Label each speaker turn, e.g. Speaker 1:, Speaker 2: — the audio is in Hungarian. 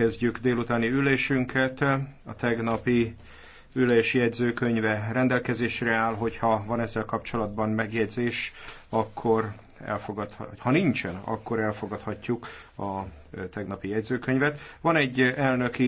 Speaker 1: kezdjük délutáni ülésünket. A tegnapi ülési jegyzőkönyve rendelkezésre áll, hogyha van ezzel kapcsolatban megjegyzés, akkor elfogadhatjuk. ha nincsen, akkor elfogadhatjuk a tegnapi jegyzőkönyvet.
Speaker 2: Van egy elnöki